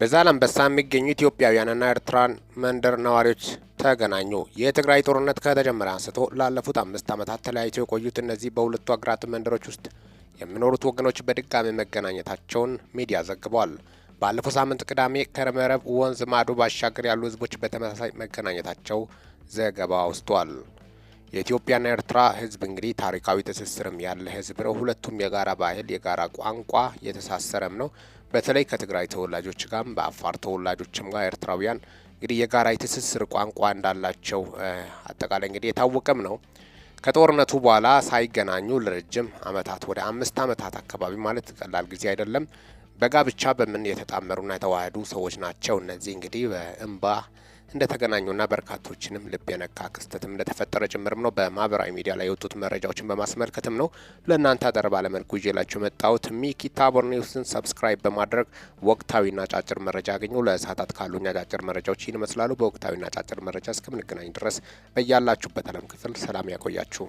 በዛላምበሳ የሚገኙ ኢትዮጵያውያንና ኤርትራን መንደር ነዋሪዎች ተገናኙ። የትግራይ ጦርነት ከተጀመረ አንስቶ ላለፉት አምስት ዓመታት ተለያይተው የቆዩት እነዚህ በሁለቱ አገራት መንደሮች ውስጥ የሚኖሩት ወገኖች በድጋሚ መገናኘታቸውን ሚዲያ ዘግቧል። ባለፈው ሳምንት ቅዳሜ ከመረብ ወንዝ ማዶ ባሻገር ያሉ ህዝቦች በተመሳሳይ መገናኘታቸው ዘገባ አውስቷል። የኢትዮጵያና ኤርትራ ህዝብ እንግዲህ ታሪካዊ ትስስርም ያለ ህዝብ ነው። ሁለቱም የጋራ ባህል፣ የጋራ ቋንቋ የተሳሰረም ነው። በተለይ ከትግራይ ተወላጆች ጋርም በአፋር ተወላጆችም ጋር ኤርትራውያን እንግዲህ የጋራ የትስስር ቋንቋ እንዳላቸው አጠቃላይ እንግዲህ የታወቀም ነው። ከጦርነቱ በኋላ ሳይገናኙ ለረጅም አመታት ወደ አምስት አመታት አካባቢ ማለት ቀላል ጊዜ አይደለም በጋብቻ በምን የተጣመሩና የተዋህዱ ሰዎች ናቸው። እነዚህ እንግዲህ በእንባ እንደተገናኙና በርካቶችንም ልብ የነካ ክስተትም እንደተፈጠረ ጭምርም ነው በማህበራዊ ሚዲያ ላይ የወጡት መረጃዎችን በማስመልከትም ነው ለእናንተ አጠር ባለመልኩ ይዤላችሁ መጣሁት። ሚኪ ታቦር ኒውስን ሰብስክራይብ በማድረግ ወቅታዊና ጫጭር መረጃ ያገኙ። ለሰዓታት ካሉኝ አጫጭር መረጃዎች ይህን ይመስላሉ። በወቅታዊና ጫጭር መረጃ እስከምንገናኝ ድረስ በያላችሁበት አለም ክፍል ሰላም ያቆያችሁ።